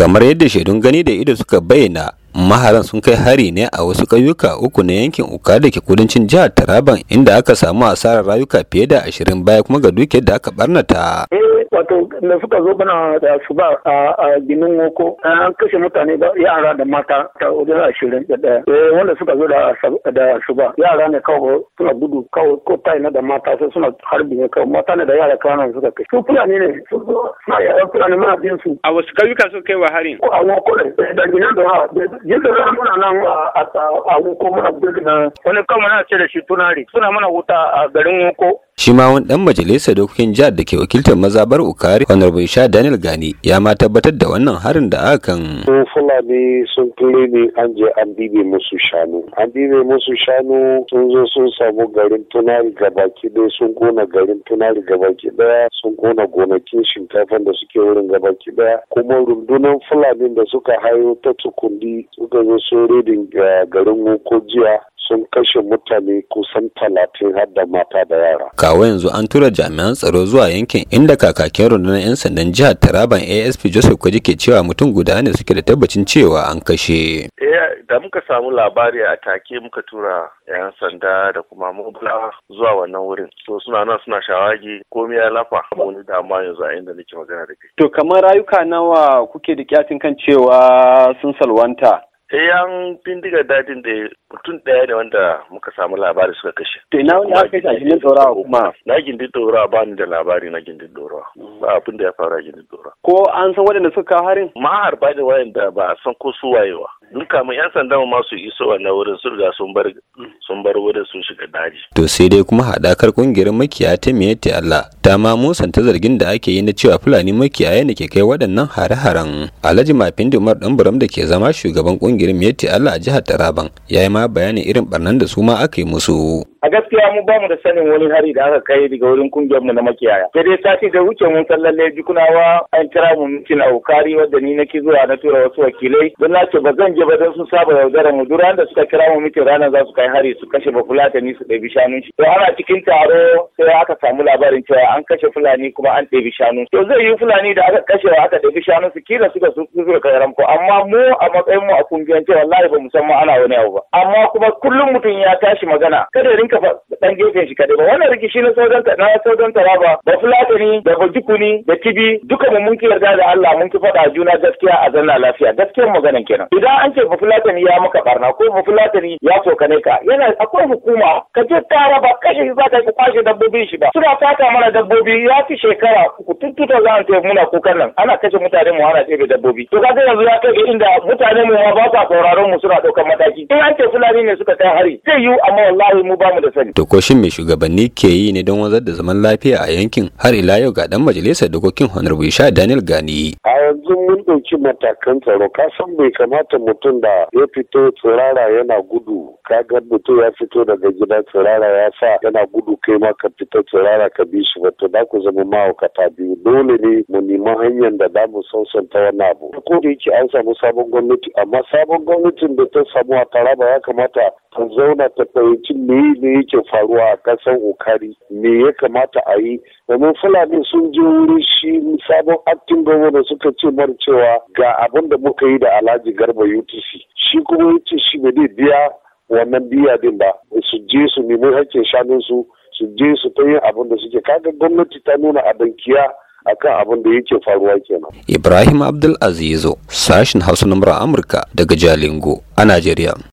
kamar yadda shaidun gani da ido suka bayyana maharan sun kai hari ne a wasu ƙauyuka uku na yankin uka da ke kudancin jihar taraban inda aka samu asarar rayuka fiye da ashirin baya kuma ga dukiyar da aka barnata. Eh, wato da suka zo bana da su ba a ginin woko an kashe mutane da yara da mata ta wajen ashirin da ɗaya eh, wanda suka zo da su ba yara ne kawai suna gudu kawai ko ta na da mata sai suna harbi ne kawai mata ne da yara kanan suka kai su fulani ne su zo suna yara fulani mana bin su a wasu kauyuka suka kai wa harin ko a woko ne da ginin da ha yadda zama muna nan a woko muna gudu na wani kawai muna ce da shi tunari suna mana wuta a garin woko shi ma wani dan majalisar dokokin jihar da ke wakiltar mazabar ukari honorable sha daniel gani ya ma tabbatar da wannan harin da akan fulani sun kule ne an je an bibe musu shanu an dibe musu shanu sun zo sun samu garin tunari gabaki ɗaya sun kona garin tunari gabaki ɗaya sun kona gonakin shinkafan da suke wurin gabaki ɗaya kuma rundunar fulani da suka hayo ta tukundi suka zo sun redin eh, garin ko jiya sun kashe mutane kusan talatin har da mata da yara. Kawo yanzu an tura jami'an tsaro zuwa yankin inda kakakin rundunar 'yan sandan jihar Taraban ASP Joseph Kwaji ke cewa mutum guda ne suke da tabbacin cewa an kashe. Eh, da muka samu labari a take muka tura 'yan sanda da kuma mobila zuwa wannan wurin. So suna nan suna shawagi komai ya lafa wani dama yanzu a inda nake magana da kai. To kamar rayuka nawa kuke da kyatin kan cewa sun salwanta? yan bindigar dadin da mutum daya ne wanda muka samu labari suka kashe. To ina wani aka kashe a gindin ɗorawa kuma? Na gindin ɗorawa ba ni da labari na gindin ɗorawa. Ba abin da ya faru a gindin ɗorawa. Ko an san waɗanda suka kawo harin? Mahar ba da waɗanda ba a san ko su wayewa. Dun kamun 'yan sanda ma su iso wannan wurin surga riga sun bar sun bar wurin sun shiga daji. To sai dai kuma haɗakar ƙungiyar makiya ta Allah ta ma musanta zargin da ake yi na cewa fulani makiyaye ne ke kai waɗannan hare-haren alhaji mafindi umar buram da ke zama shugaban kungiyar miyatti allah a jihar taraban ya yi ma bayanin irin barnan da su ma aka yi musu a gaskiya mu ba mu da sanin wani hari da aka kai daga wurin kungiyar mu na makiyaya sai dai sati da wuce mun san lalle jikunawa an kira mu mitin aukari wadda ni na ki zuwa na tura wasu wakilai don na ce ba zan je ba don sun saba yaudarar mu duran da suka kira mu mitin ranar za su kai hari su kashe ni su ɗabi shanun shi to ana cikin taro sai aka samu labarin cewa an kashe fulani kuma an ɗebi shanu to zai yi fulani da aka kashe aka ɗebi shanu su kila suka su ka yaran ko amma mu a matsayin mu a kungiyar cewa wallahi ba mu san ma ana wani abu ba amma kuma kullum mutum ya tashi magana kada rinka ɗan gefen shi kadai ba wannan rikici na ta na ta ba da fulatani da bajikuni da tibi duka mu mun ki yarda da Allah mun ki faɗa juna gaskiya a zanna lafiya gaskiyar maganan kenan idan an ce ba fulatani ya maka barna ko ba bafulatani ya tsokane ka yana akwai hukuma ka je ba kashe shi za ka kwashe dabbobin shi ba suna sata mana dabbobi ya fi shekara uku tun tuta za a muna kukan nan ana kashe mutane mu ana da dabbobi to kaga yanzu ya kai inda mutane mu ma ba sa sauraron mu suna ɗaukar mataki in an ce fulani ne suka kai hari zai yiwu amma wallahi mu ba mu da sani. to ko shin shugabanni ke yi ne don wanzar da zaman lafiya a yankin har ila yau ga dan majalisar dokokin honorable isha daniel gani. a yanzu mun ɗauki matakan tsaro ka san bai kamata mutum da ya fito tsirara yana gudu ga mutum ya fito daga gida tsirara ya sa yana gudu kai ma ka fita tsirara ka bi shi ba da to da ku zama ma'aikata biyu dole ne mu nemi hanyar da za mu sansanta wani abu ko da yake an samu sabon gwamnati amma sabon gwamnatin da ta samu a taraba ya kamata ta zauna ta fahimci me ne yake faruwa a ƙasar ukari me ya kamata a yi domin fulani sun je wuri shi sabon aktin gwamnati suka ce mara cewa ga abin da muka yi da alhaji garba utc shi kuma yace ce shi biya wannan biya din ba su je su nemi hakkin su. su je su ta yin abin da suke kaga gwamnati ta nuna abankiya akan abin da yake faruwa kenan. Ibrahim Abdul sashin Hausa na Amurka daga Jalingo a Najeriya.